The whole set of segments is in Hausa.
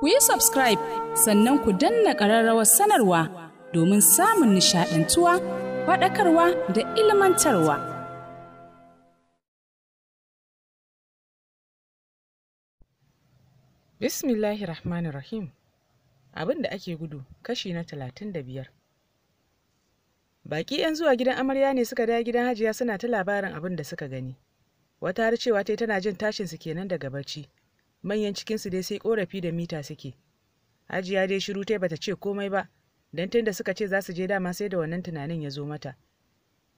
ku yi subscribe sannan ku danna ƙararrawar sanarwa domin samun nishaɗantuwa faɗakarwa da ilmantarwa. Bismillahir Rahmanir Rahim Abin da ake gudu kashi na talatin da biyar. Baƙi 'yan zuwa gidan amarya ne suka da gidan hajiya suna ta labarin abin da suka gani. Wata har cewa ta tana jin tashin su kenan daga barci. manyan cikinsu dai sai korafi da mita suke hajiya dai shiru ta bata ce komai ba don tun da suka ce za su je dama sai da wannan tunanin ya zo mata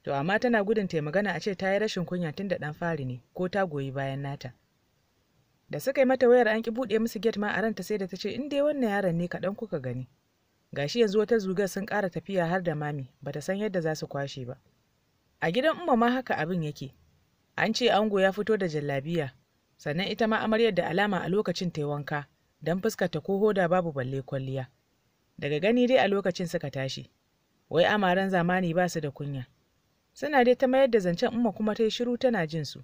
to amma tana gudun ta magana a ce ta yi rashin kunya tun da ɗan fari ne ko ta goyi bayan nata da suka yi mata wayar an ki buɗe musu get ma a ranta sai da ta ce in dai wannan yaron ne kaɗan kuka gani gashi yanzu wata zugar sun ƙara tafiya har da mami bata san yadda za su kwashe ba a gidan umma ma haka abin yake an ce ango ya fito da jallabiya sannan ita ma amaryar da alama a lokacin ta wanka don fuskarta ko hoda babu balle kwalliya daga gani dai a lokacin suka tashi wai amaran zamani ba su da kunya suna dai ta mayar da zancen umma kuma ta yi shiru tana jin su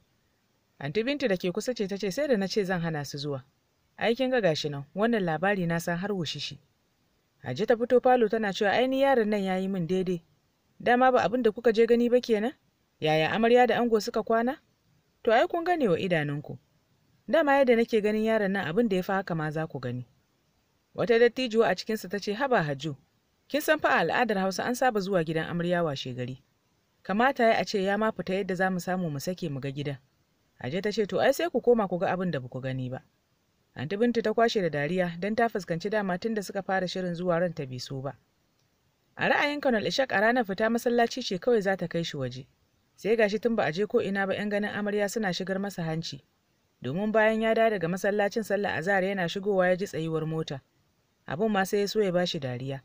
anti bintu da ke kusa ce ta ce sai da na ce zan hana su zuwa aikin ga gashi nan wannan labari na san har wushishi Ajiye ta fito falo tana cewa aini yaron nan ya yi min daidai dama ba abin da kuka je gani ba kenan yaya amarya da ango suka kwana to ai kun gane wa idanunku dama yadda nake ganin yaron nan abin da ya fi haka ma za ku gani wata dattijuwa a cikinsa ta ce haba hajju kin san fa al'adar hausa an saba zuwa gidan amarya washe gari kamata ya a ce ya ma fita yadda za mu samu mu sake mu ga gidan aje ta ce to ai sai ku koma ku ga abin da ku gani ba anti bintu ta kwashe da dariya don ta fuskanci dama tun da suka fara shirin zuwa ran ta so ba a ra'ayin kanal ishak a ranar fita masallaci ce kawai za ta kai shi waje sai gashi tun ba a je ko ina ba yan ganin amarya suna shigar masa hanci domin bayan ya dawo daga masallacin sallah azhar yana shigowa ya ji tsayuwar mota abun ma sai ya so ya bashi dariya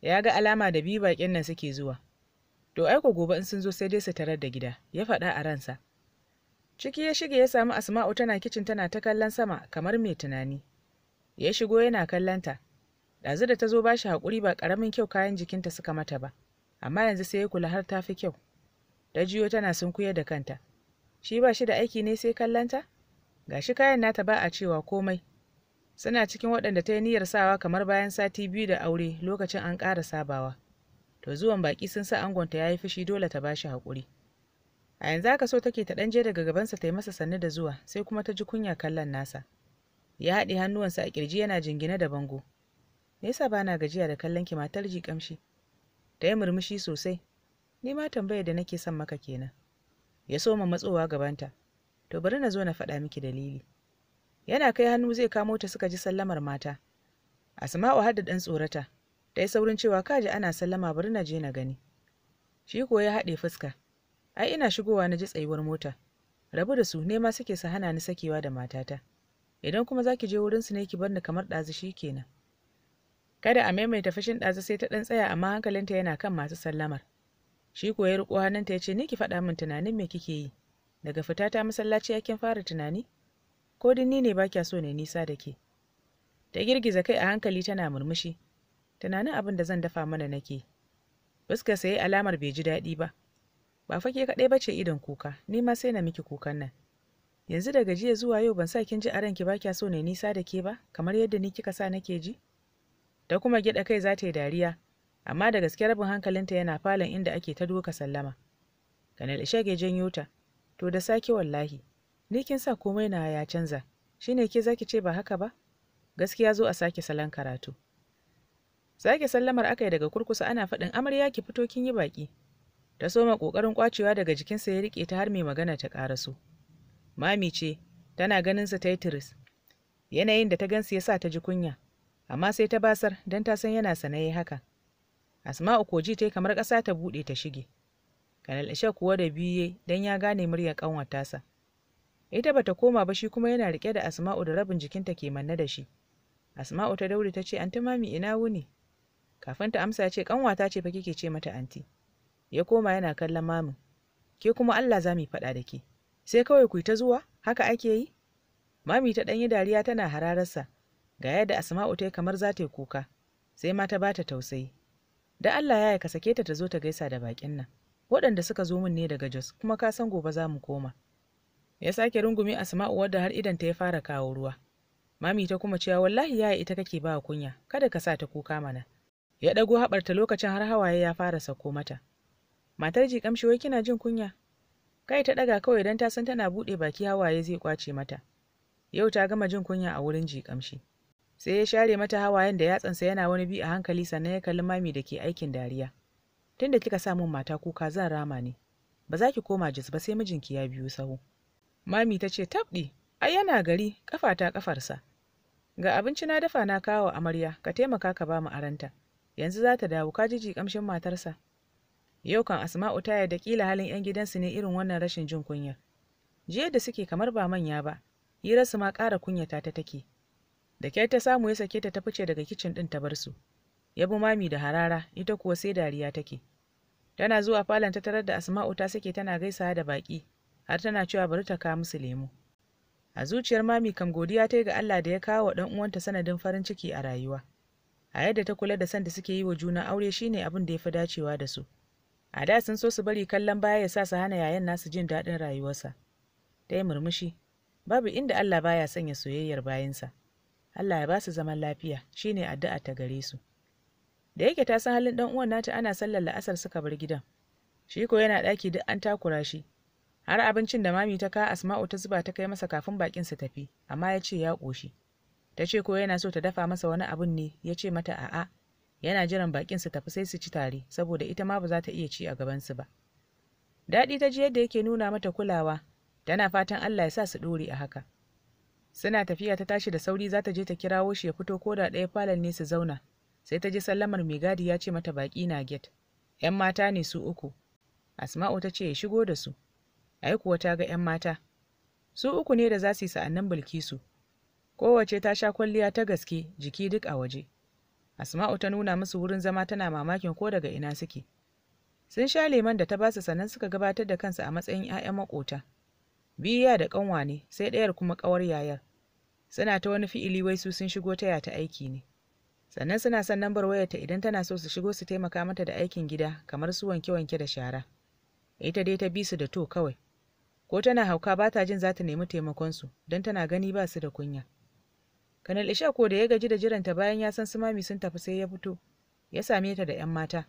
ya ga alama da biyu bakin nan suke zuwa to aiko gobe in sun zo sai dai su tarar da gida ya faɗa a ransa ciki ya shige ya samu asma'u tana kicin tana ta kallon sama kamar mai tunani ya shigo yana kallonta ɗazu da ta zo bashi shi haƙuri ba ƙaramin kyau kayan jikinta suka mata ba amma yanzu sai ya kula har ta fi kyau ta jiyo tana sunkuye da kanta shi ba shi da aiki ne sai kallonta Ga shi kayan nata ba a cewa komai suna cikin waɗanda ta yi niyyar sawa kamar bayan sati biyu da aure lokacin an ƙara sabawa to zuwan baƙi sun sa angonta ya yi fushi dole ta ba shi haƙuri a yanzu aka so take ta ɗanje daga gabansa ta yi masa sannu da zuwa sai kuma ta ji kunya kallon nasa ya haɗe hannuwansa a ƙirji yana jingine da bango me yasa ba na gajiya da kallon ki matar ji ƙamshi ta yi murmushi sosai ni ma tambayar da nake son maka kenan ya soma matsowa gabanta to bari na zo na faɗa miki dalili yana kai hannu zai kamo ta suka ji sallamar mata asma'u hadda ɗan tsorata ta yi saurin cewa kaji ana sallama bari na je na gani shi kuwa ya haɗe fuska ai ina shigowa na ji tsayuwar mota rabu da su ne ma suke su hana ni sakewa da matata idan kuma za ki je su ne ki bar ni kamar ɗazu shi kenan kada a maimaita fashin ɗazu sai ta ɗan tsaya amma hankalinta yana kan masu sallamar shi ko ya riƙo hannunta ya ce ni ki faɗa min tunanin me kike yi daga fita ta masallaci yakin fara tunani ko dinni ne ba kya so ne nisa da ke ta girgiza kai a hankali tana murmushi tunanin abin da zan dafa mana nake fuskar sayi alamar bai ji daɗi ba ba fake kaɗai ba ce idon kuka ni ma sai na miki kukan nan yanzu daga jiya zuwa yau ban sa kin ji a ranki ba kya so ne nisa da ke ba kamar yadda ni kika sa nake ji ta kuma gyaɗa kai za ta yi dariya amma da gaske rabin hankalinta yana falon inda ake ta doka sallama kanal ishe ya janyo ta to da sake wallahi ni kin sa komai na ya canza shi ne ke zaki ce ba haka ba gaskiya zo a sake salon karatu sake sallamar aka yi daga kurkusa ana faɗin amarya ki fito kin yi baƙi. ta soma ƙoƙarin ƙwacewa daga jikinsa ya riƙe ta har mai magana ta ƙaraso mami ce tana ganin ta tiris yanayin da ta gansu ya sa ta ji kunya amma sai ta basar don ta san yana sanaye haka asma'u koji ta kamar ƙasa ta buɗe ta shige Kanal kalallashe kuwa da biye dan ya gane muryar tasa. ita bata koma ba shi kuma yana rike da asma'u da rabin jikinta ke manne da shi asma'u ta daure ta ce anti mami ina wuni kafin ta amsa ya ce ta ce fa kike ce mata anti ya koma yana kallon mamin ke kuma allah za mu faɗa da ke sai kawai ku ta zuwa haka ake yi mami ta ɗanyi dariya tana hararsa ga yadda asma'u ta yi kamar za ta yi kuka sai ma ta bata tausayi da allah ya ka sake ta ta zo ta gaisa da bakin nan waɗanda suka zo min ne daga Jos kuma ka san gobe za mu koma. Ya sake rungumi Asma'u wadda har idanta ya fara kawo ruwa. Mami ta kuma cewa wallahi yaya ita kake ba kunya, kada ka sa ta kuka mana. Ya ɗago haɓarta lokacin har hawaye ya fara sauko mata. Matar ji kamshi wai kina jin kunya? Kai ta ɗaga kawai don ta san tana buɗe baki hawaye zai kwace mata. Yau ta gama jin kunya a wurin ji kamshi. Sai ya share mata hawayen da yatsansa yana wani bi a hankali sannan ya kalli mami da ke aikin dariya. tunda kika sa min mata kuka zan rama ne ba za ki koma jis ba sai mijinki ya biyu sahu mami ta ce tabdi ai yana gari kafa ta kafarsa ga abinci na dafa na kawo amarya ka taimaka ka ba mu aranta yanzu za ta dawo ka jiji kamshin matarsa yau kan asma'u ta yarda kila halin yan gidansu ne irin wannan rashin jin kunya jiya da suke kamar ba manya ba su ma ƙara kunyata ta take da kyar ta samu ya sake ta ta fice daga kicin ɗin ta bar su ya bi mami da harara ita kuwa sai dariya take tana zuwa falon ta tarar da asma'u ta sake tana gaisawa da baƙi, har tana cewa bari ta kawo musu lemu a zuciyar mami kam godiya ta yi ga Allah da ya kawo wa ɗan uwanta sanadin farin ciki a rayuwa a yadda ta kula da san da suke yi wa juna aure shine abin da ya fi dacewa da su a da sun so su bari kallon baya ya sa su hana yayan nasu jin daɗin rayuwarsa ta yi murmushi babu inda Allah baya sanya soyayyar bayansa Allah ya ba su zaman lafiya shine addu'a ta gare su da yake ta san halin dan uwan nata ana sallar la'asar suka bar gidan shi ko yana ɗaki duk an takura shi har abincin da mami ta ka asma'u ta zuba ta kai masa kafin bakin su tafi amma ya ce ya koshi ta ce ko yana so ta dafa masa wani abun ne ya ce mata a'a yana jiran bakin su tafi sai su ci tare saboda ita ma ba za ta iya ci a gaban su ba daɗi ta ji yadda yake nuna mata kulawa tana fatan Allah ya sa su dore a haka suna tafiya ta tashi da sauri za ta je ta kirawo shi ya fito ko da ɗaya falon ne su zauna sai ta ji sallamar mai gadi ya ce mata baƙi na get ‘yan mata ne su uku asma'u ta ce ya shigo da su ai kuwa ta ga ‘yan mata su uku ne da za su yi sa'annan bilkisu kowace ta sha kwalliya ta gaske jiki duk a waje asma'u ta nuna musu wurin zama tana mamakin ko daga ina suke sun sha leman da ta ba su sannan suka gabatar da kansu a matsayin 'ya'yan makota biya da kanwa ne sai ɗayar kuma ƙawar yayar suna ta wani fi'ili wai su sun shigo taya ta aiki ne sannan suna son lambar wayarta idan tana so su shigo su taimaka mata da aikin gida kamar su wanke-wanke da shara ita dai ta bi su da to kawai ko tana hauka ba ta jin za ta nemi su don tana gani ba su da kunya kanal isha ko da ya gaji da jiranta bayan ya san su mami sun tafi sai ya fito ya same ta da 'yan mata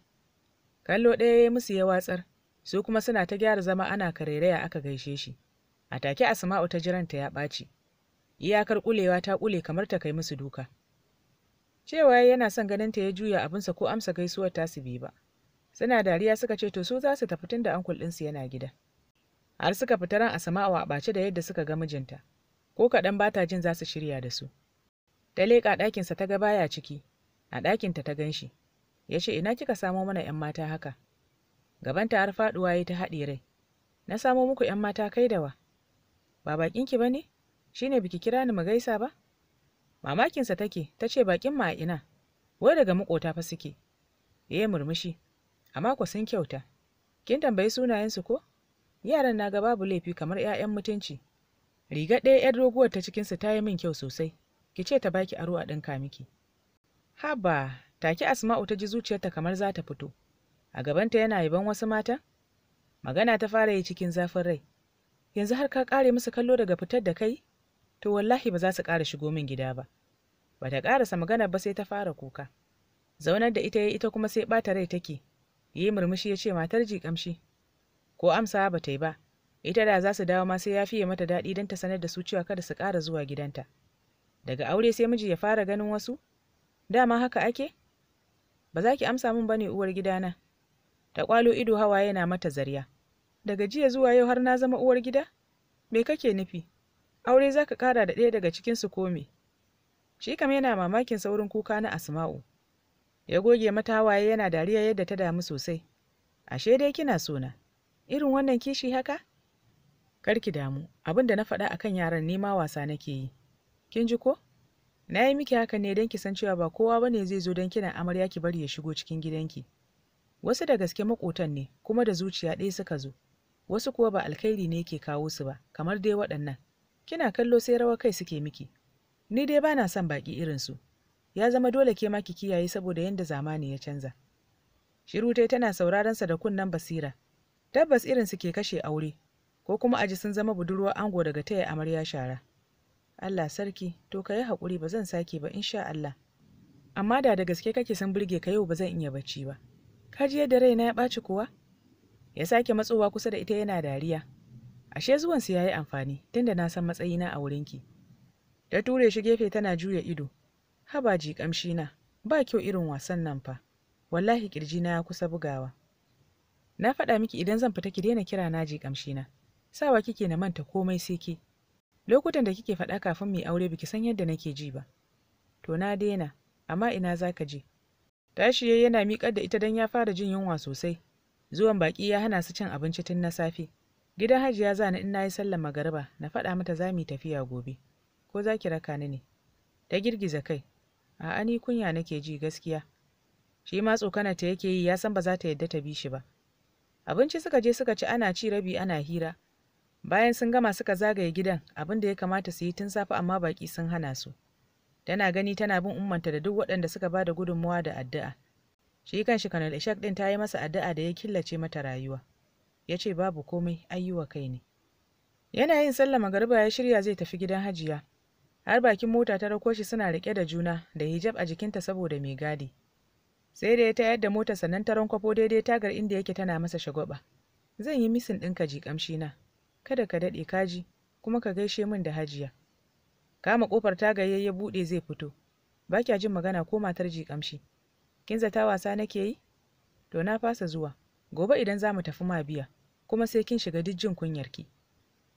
kallo ɗaya ya musu ya watsar su kuma suna ta gyara zama ana karairaya aka gaishe shi a take asma'u ta jiranta ya ɓaci iyakar ƙulewa ta ƙule kamar ta kai musu duka cewa yana son ganin ta ya juya abinsa ko amsa gaisuwar tasu bi ba suna dariya suka ce to su za su tafi tun da ankul ɗinsu yana gida har suka fita ran asama'u a ɓace da yadda suka ga mijinta ko kaɗan ba ta jin za su shirya da su ta leƙa ɗakinsa ta ga baya ciki a ɗakinta ta ganshi. ya ce ina kika samo mana 'yan mata haka gabanta har faɗuwa ya ta haɗi rai na samo muku 'yan mata kai dawa ba baƙinki ba ne shi ne biki kira ni mu gaisa ba mamakinsa take ta ce bakin ma ina wai daga makota fa suke ya murmushi amma ku sun kyauta kin tambayi sunayensu ko yaran na ga babu laifi kamar 'ya'yan mutunci riga ɗaya 'yar doguwar ta cikinsu ta yi min kyau sosai ki ce ta baki aro a ɗinka miki haba take asma'u ta ji zuciyarta kamar za ta fito a gabanta yana yaban wasu mata magana ta fara yi cikin zafin rai yanzu har ka kare musu kallo daga fitar da kai to wallahi ba za su ƙara shigo min gida ba ba ta ƙarasa magana ba sai ta fara kuka zaunar da ita ya ita kuma sai ɓata rai take yi murmushi ya ce matar ji ƙamshi ko amsa ba ta yi ba ita da za su dawo ma sai ya fiye mata daɗi don ta sanar da su cewa kada su ƙara zuwa gidanta daga aure sai miji ya fara ganin wasu dama haka ake ba za ki amsa min ne, uwar gidana ta ƙwalo ido hawa yana mata zarya daga jiya zuwa yau har na zama uwar gida me kake nufi aure za ka ƙara da ɗaya daga cikinsu, ko me shi kam yana mamakin saurin kuka na asma'u ya goge mata hawaye yana dariya yadda ta damu sosai ashe dai kina sona irin wannan kishi haka karki damu abin da na faɗa akan yaran nema wasa nake yi kin ji ko na yi miki hakan ne don ki san cewa ba kowa ne zai zo don kina amarya ki bari ya shigo cikin gidanki wasu da gaske makotan ne kuma da zuciya ɗaya suka zo wasu kuwa ba alkhairi ne ke kawo su ba kamar dai waɗannan kina kallo sai rawa kai suke miki ni dai bana son baki irinsu ya zama dole ke ma ki kiyaye saboda yadda zamani ya canza shiru tai tana sauraron sa da kunnen basira tabbas irin su ke kashe aure ko kuma aji sun zama budurwar ango daga taya amarya shara Allah sarki to ka yi haƙuri ba zan sake ba insha Allah amma da da gaske kake san burge ka yau ba zan iya bacci ba ka ji yadda raina ya ɓaci kuwa ya sake matsowa kusa da ita yana dariya ashe zuwan su yi amfani tunda na san matsayina a wurinki Da ture shi gefe tana juya ido haba ji kamshi na ba kyau irin wasan nan fa wallahi kirji na ya kusa bugawa na faɗa miki idan zan fita ki daina kira na ji kamshi na sawa kike na manta komai sai ki. lokutan da kike faɗa kafin mu aure biki san yadda nake ji ba to na daina amma ina zaka je tashi yayi yana miƙar da ita dan ya fara jin yunwa sosai zuwan baki ya hana su cin abinci tun na safe gidan hajiya zana in nayi sallar magariba na faɗa mata za mu tafiya gobe ko za ki raka ni ne ta girgiza kai a'a ni kunya nake ji gaskiya shi ma tsokana ta yake yi ya san ba za ta yadda ta bi shi ba abinci suka je suka ci ana ci rabi ana hira bayan sun gama suka zagaye gidan abin da ya kamata su yi tun safe amma baki sun hana su tana gani tana bin ummanta da duk waɗanda suka ba da gudunmawa da addu'a shi kan shi kanal ishak din ta yi masa addu'a da ya killace mata rayuwa ya ce babu komai ayyuwa kai ne yana yin sallah magariba ya shirya zai tafi gidan hajiya har bakin mota ta rako shi suna rike da juna da hijab a jikinta saboda mai gadi sai da ya tayar da mota sannan ta rankwafo daidai tagar inda yake tana masa shagwaba zan yi misin ɗinka ji na kada ka daɗe kaji kuma ka gaishe min da hajiya kama ƙofar tagaye ya buɗe zai fito ba kya jin magana ko matar ji kin zata wasa nake yi to na fasa zuwa gobe idan za mu tafi ma biya kuma sai kin shiga duk jin kunyarki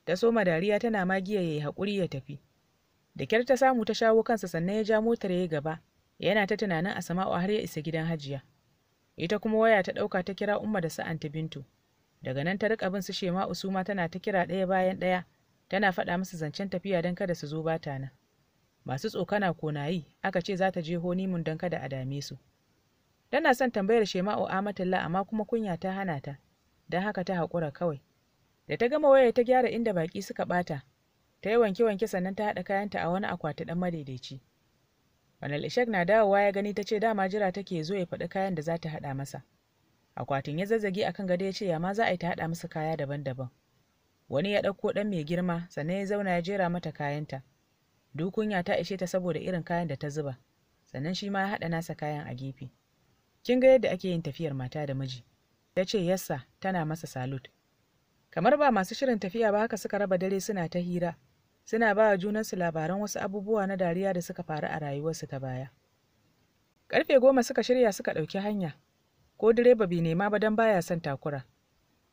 ta soma dariya tana magiya ya yi haƙuri ya tafi da kyar ta samu ta shawo kansa sannan ya ja motar ya gaba yana ta tunanin a asama'u har ya isa gidan hajiya ita kuma waya ta ɗauka ta kira umma da ta bintu daga nan ta rika bin su shema usuma tana ta kira ɗaya bayan ɗaya tana faɗa musu zancen tafiya don kada su zo bata nan. masu tsokana ko nayi aka ce za ta je mun don kada a dame su tana son tambayar shema'u amatullah amma kuma kunya ta hana ta don haka ta haƙura kawai da ta gama waya ta gyara inda baƙi suka ɓata ta yi wanke-wanke sannan ta haɗa kayanta a wani akwati ɗan madaidaici Manal Ishak na dawowa ya gani ta ce dama jira take zo ya faɗi kayan da za ta haɗa masa. Akwatin ya zazzage a kan gado ya ce ya ma za a yi ta haɗa masa kaya daban-daban. Wani ya ɗauko ɗan mai girma sannan ya zauna ya jera mata kayanta. Dukunya ta ishe ta saboda irin kayan da ta zuba. Sannan shi ma ya haɗa nasa kayan a gefe. Kin ga yadda ake yin tafiyar mata da miji. Ta ce yassa tana masa salut. Kamar ba masu shirin tafiya ba haka suka raba dare suna ta hira. suna ba wa junansu labaran wasu abubuwa na dariya da suka faru a rayuwarsu ta baya karfe goma suka shirya suka ɗauki hanya ko direba bai nema ba don baya son takura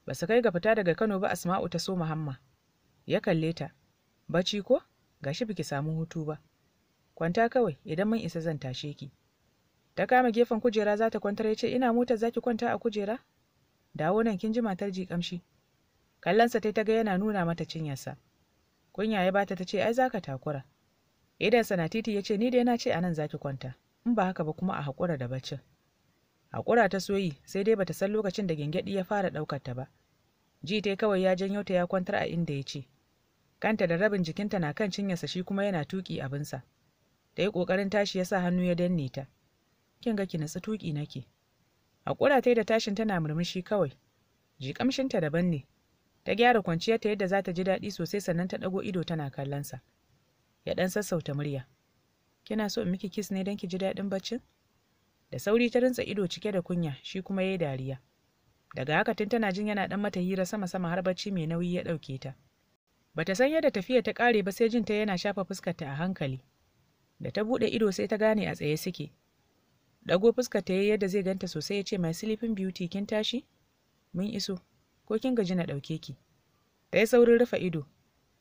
ba su kai ga fita daga kano ba asma'u ta so muhamma ya kalle ta bacci ko gashi biki samu hutu ba kwanta kawai idan mun isa zan tashe ki ta kama gefen kujera za ta kwantar ya ce ina motar za ki kwanta a kujera dawo nan kin ji matar ji kamshi kallonsa ta ta ga yana nuna mata cinyarsa kunya ya bata ta ce ai zaka takura idan titi ya ce ni dai na ce a nan zaki kwanta in ba haka ba kuma a haƙura da baccin haƙura ta soyi sai dai bata san lokacin da gyangyaɗi ya fara ɗaukar ta ba ji tai kawai ya janyo ta ya kwantar a inda ya ce kanta da rabin jikinta na kan sa shi kuma yana tuƙi abinsa ta ya ƙoƙarin tashi yasa hannu ya danne ta kin ga ki natsu tuƙi nake haƙura ta da tashin tana murmushi kawai ji ƙamshinta daban ne ta gyara ta yadda za ta ji daɗi sosai sannan ta ɗago ido tana kallonsa ya ɗan sassauta murya kina so in miki kis ne don ki ji daɗin baccin da sauri ta rintsa ido cike da kunya shi kuma ya yi dariya daga haka tun tana jin yana ɗan mata hira sama-sama har bacci mai nauyi ya ɗauke ta bata san yadda tafiya ta ƙare ba sai jin ta yana shafa fuskarta a hankali da ta buɗe ido sai ta gane a tsaye suke ɗago fuskarta ya yadda zai ganta sosai ya ce "My sleeping beauty kin tashi mun iso ko kin gaji na ɗauke ki ta yi saurin rufe ido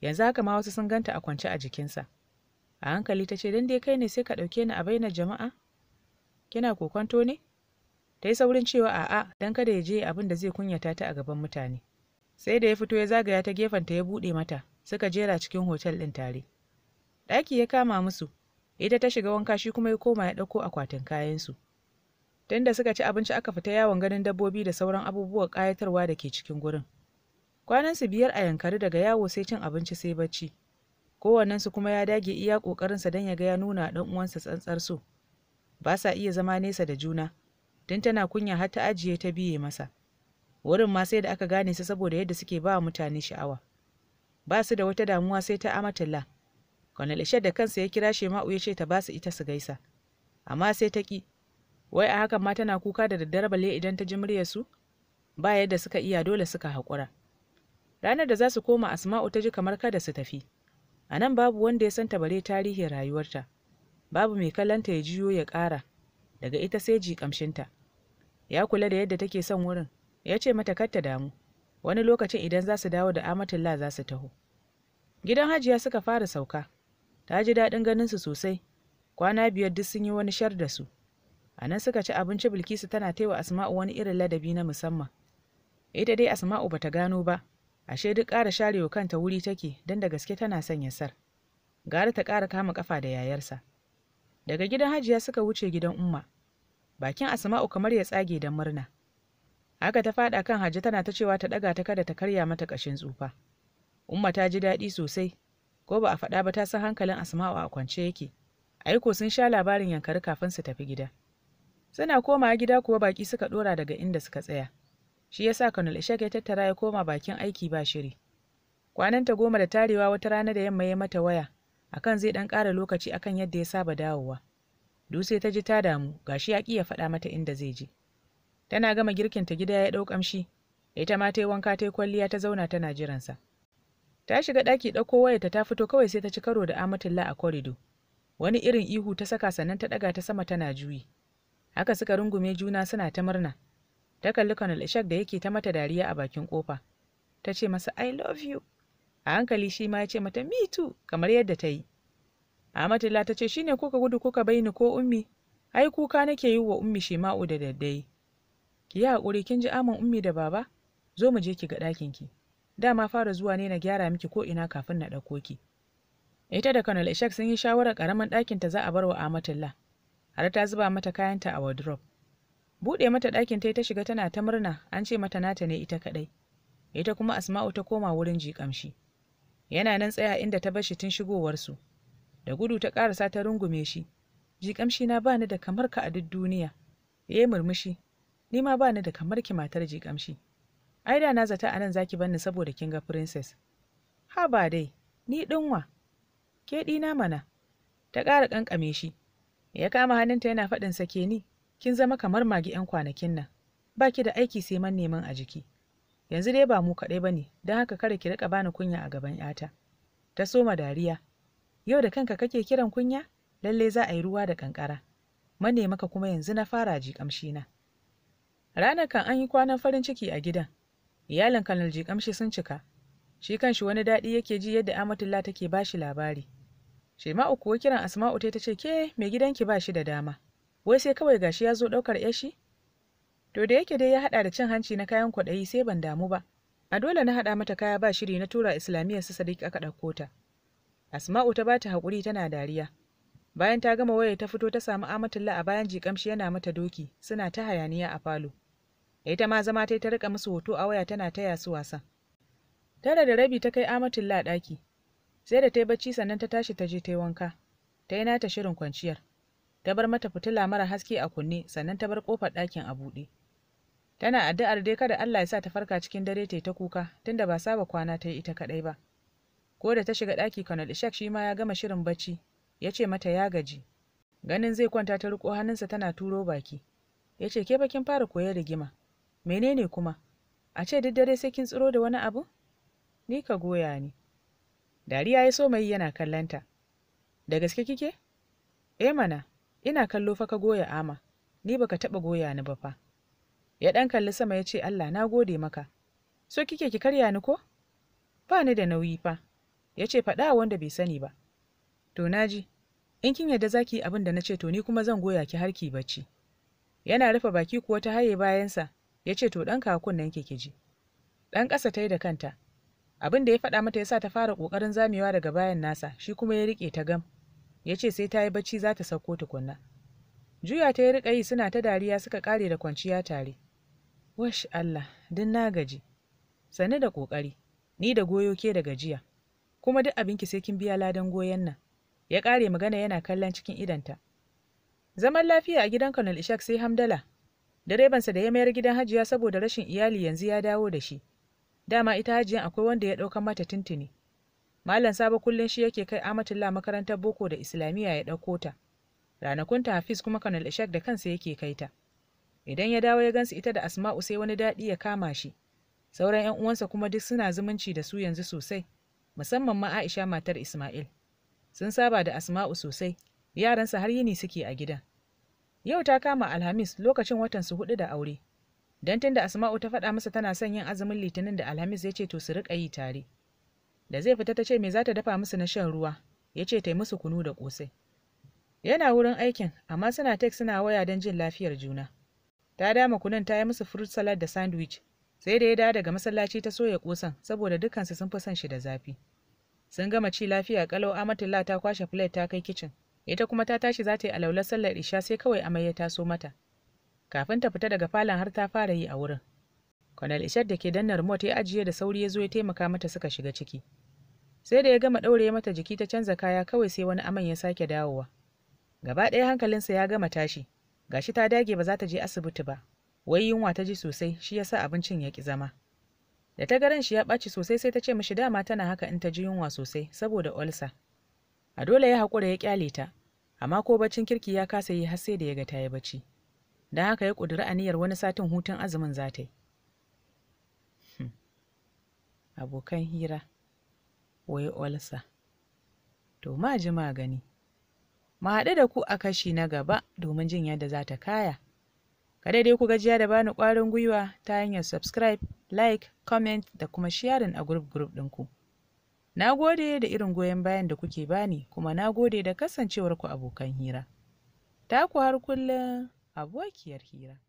yanzu haka ma wasu sun ganta a kwance a jikinsa a hankali ta ce don dai kai ne sai ka ɗauke ni a baina jama'a kina kokonto ne ta yi saurin cewa a'a don kada ya je abin da zai kunyata ta a gaban mutane sai da ya fito ya zagaya ta gefen ta ya buɗe mata suka jera cikin hotel ɗin tare ɗaki ya kama musu ita ta shiga wanka shi kuma ya koma ya ɗauko akwatin kayansu Tun da suka ci abinci aka fita yawon ganin dabbobi da sauran abubuwan ƙayatarwa da ke cikin gurin kwanansu biyar a yankari daga yawo sai cin abinci sai bacci kowannensu kuma ya dage iya ƙoƙarinsa don ya ga ya nuna ɗan uwansa tsantsar so ba sa iya zama nesa da juna Tun tana kunya har ta ajiye ta biye masa wurin ma sai da aka gane su saboda yadda suke ba mutane sha'awa ba su da wata damuwa sai ta amatalla kwanan Ishad da kansa ya kira Shema'u ya ce ta ba su ita su gaisa amma sai ta ki wai a hakan ma tana kuka da daddare balle idan ta ji muryarsu ba yadda suka iya dole suka haƙura ranar da za su koma asma'u ta ji kamar kada su tafi a nan babu wanda ya santa bare tarihin rayuwarta babu mai ta ya jiyo ya ƙara daga ita sai ji ƙamshinta ya kula da yadda take son wurin ya ce mata kar ta damu wani lokacin idan za su dawo da amatullah za su taho gidan hajiya suka fara sauka ta ji daɗin ganin su sosai kwana biyar duk sun yi wani shar da su a nan suka ci abinci bilkisu tana taiwa asma'u wani irin ladabi na musamman ita dai asma'u bata gano ba ashe duk ƙara sharewa kanta wuri take don da gaske tana son sar. gara ta ƙara kama ƙafa da yayarsa daga gidan hajiya suka wuce gidan umma bakin asma'u kamar ya tsage da murna haka ta faɗa kan hajji tana ta cewa ta ɗaga ta kada ta karya mata ƙashin tsufa umma ta ji daɗi sosai ko ba a faɗa ba ta san hankalin asma'u a kwance yake aiko sun sha labarin yankari kafin su tafi gida Suna koma gida kuwa baki suka dora daga inda suka tsaya. Shi yasa Colonel Ishak ya tattara ya koma bakin aiki ba shiri. Kwananta goma da tarewa wata rana da yamma ya mata waya akan zai ɗan ƙara lokaci akan yadda ya saba dawowa. Dutse ta ji ta damu gashi ya ƙi ya faɗa mata inda zai je. Tana gama girkin ta gida ya ɗau ƙamshi, ita ma ta yi wanka ta yi kwalliya ta zauna tana jiransa. Ta shiga ɗaki ɗauko wayarta ta fito kawai sai ta ci karo da Amatullah a korido. Wani irin ihu ta saka sannan ta ɗaga ta sama tana juyi. haka suka rungume juna suna ta murna ta kalli Colonel Ishak da yake ta mata dariya a bakin kofa ta ce masa I love you a hankali shi ma ya ce mata me too kamar yadda ta yi Amatilla ta ce shine kuka gudu kuka bai ni ko ummi ai kuka nake yi wa ummi Shima'u da daddai. ki yi hakuri kin ji aman ummi da baba zo mu je ki ga ɗakin ki dama fara zuwa ne na gyara miki ko ina kafin na ɗauko ki ita da Colonel Ishak sun yi shawarar ƙaramin ɗakin ta za a bar wa Amatilla Hada ta zuba mata kayanta a wardrobe. Buɗe mata ɗakin ta ta shiga tana ta murna an ce mata nata ne ita kaɗai. Ita kuma Asma'u ta koma wurin jiƙamshi. Yana nan tsaya inda ta bar shi tun shigowarsu. Da gudu ta ƙarasa ta rungume shi. Jiƙamshi na bani da kamar ka a duk duniya. E, murmushi. Ni ma bani da kamar ki matar jiƙamshi. Ai da na zata anan zaki banni saboda kin ga princess. Ha ba dai, ni ɗinwa. Ke ɗina mana. Ta ƙara ƙanƙame shi. ya kama hannunta yana faɗin sake ni kin zama kamar magi 'yan kwanakin nan ba ki da aiki sai man neman a jiki yanzu dai ba mu kaɗai ba ne don haka kada ki riƙa bani kunya a gaban 'yata ta soma dariya yau da kanka kake kiran kunya lallai za a yi ruwa da ƙanƙara. mane maka kuma yanzu na fara ji na ranar kan an yi kwanan farin ciki a gidan iyalin kanal ji kamshi sun cika shi kanshi wani daɗi yake ji yadda amatulla take bashi labari Shema'u kuwa kiran Asma'u ta ce ke mai gidanki ba shi da dama. Wai sai kawai gashi ya zo ɗaukar yashi? To da yake dai ya haɗa da cin hanci na kayan kwaɗayi sai ban damu ba. A dole na haɗa mata kaya ba shiri na tura Islamiyyar su Sadiq aka ɗauko ta. Asma'u ta bata haƙuri tana dariya. Bayan ta gama waya ta fito ta samu Amatulla a bayan jikamshi yana mata doki suna ta hayaniya a falo. Ita ma zama ta yi ta rika musu hoto a waya tana taya su wasan. Tara da rabi ta kai Amatulla ɗaki. sai da ta yi bacci sannan ta tashi ta je ta yi wanka ta yi nata shirin kwanciyar ta bar mata fitila mara haske a kunne sannan ta bar kofar ɗakin a buɗe tana addu'ar dai kada Allah ya sa ta farka cikin dare ta yi ta kuka tunda ba saba kwana ta yi ita kaɗai ba ko da ta shiga ɗaki kanal Ishak shi ma ya gama shirin bacci ya ce mata ya gaji ganin zai kwanta ta riko hannunsa tana turo baki ya ce ke kin fara koyar rigima menene kuma a ce duk dare sai kin tsiro da wani abu ni ka goya ni dariya ya so mai yana kallanta da gaske kike E mana ina kallo fa ka goya ama ni baka taba goya ni ba fa ya ɗan kalli sama ya ce Allah na gode maka so kike ki karya ni ko ba ni da nauyi fa ya ce faɗa wanda bai sani ba to naji in kin yarda zaki abin da na ce to ni kuma zan goya ki har ki bacci yana rufe baki kuwa ta haye bayansa ya ce to ɗan kakun nan ke ji ɗan ƙasa ta da kanta abin da ya faɗa mata ya sa ta fara ƙoƙarin zamewa daga bayan nasa shi kuma ya riƙe ta gam ya ce sai ta yi bacci za ta sauko tukunna juya ta ya riƙa yi suna ta dariya suka kare da kwanciya tare wash allah din na gaji Sani da ƙoƙari ni da goyo ke da gajiya kuma duk abinki sai kin biya ladan goyon nan ya ƙare magana yana kallon cikin idanta zaman lafiya a gidan kanal ishak sai hamdala direbansa da ya mayar gidan hajiya saboda rashin iyali yanzu ya dawo da shi dama ita hajiyan akwai wanda ya ɗauka mata tuntuni malam sabo kullum shi yake kai la makarantar boko da islamiyya ya ɗauko ta ranakun ta hafiz kuma kanal ishak da kansa yake kai ta idan ya dawo ya gansu ita da asma'u sai wani daɗi ya kama shi sauran yan uwansa kuma duk suna zumunci da su yanzu sosai musamman ma aisha matar ismail sun saba da asma'u sosai yaransa har yini suke a gidan yau ta kama alhamis lokacin watan su hudu da aure don tunda asma'u ta faɗa masa tana son yin azumin litinin da alhamis ya ce to su riƙa yi tare da zai fita ta ce me za ta dafa musu na shan ruwa ya ce ta yi musu kunu da ƙosai yana wurin aikin amma suna tek suna waya don jin lafiyar juna ta dama kunun ta yi musu fruit salad da sandwich sai da ya dawo daga masallaci ta soya ƙosan, saboda dukkansu sun fi son shi da zafi sun gama ci lafiya kalau amatulla ta kwashe plate ta kai kicin ita kuma ta tashi za ta yi alaular sallar isha sai kawai amai ya taso mata kafin ta fita daga falon har ta fara yi a wurin Kwanal Ishar da ke danna remote ya ajiye da sauri ya zo ya taimaka mata suka shiga ciki sai da ya gama ɗaure mata jiki ta canza kaya kawai sai wani aman ya sake dawowa gaba ɗaya hankalinsa ya gama tashi ga shi ta dage ba za ta je asibiti ba wai yunwa ta ji sosai shi ya sa abincin ya ƙi zama da ta garan shi ya ɓaci sosai sai ta ce mishi dama tana haka in ta ji yunwa sosai saboda olsa a dole ya haƙura ya ƙyale ta amma ko baccin kirki ya kasa yi har sai da ya ga ta yi bacci da haka ya ƙudiri aniyar wani satin hutun azumin za ta yi hmm. abokan hira wai olsa to ma ji magani ma haɗu da ku a kashi na gaba domin jin yadda za ta kaya ka dai ku gajiya da bani ƙwarin gwiwa ta hanyar subscribe like comment da kuma sharing a group group ɗinku na gode da irin goyon bayan da kuke bani kuma na gode da kasancewar ku abokan hira ta ku har kullum Avoid here here.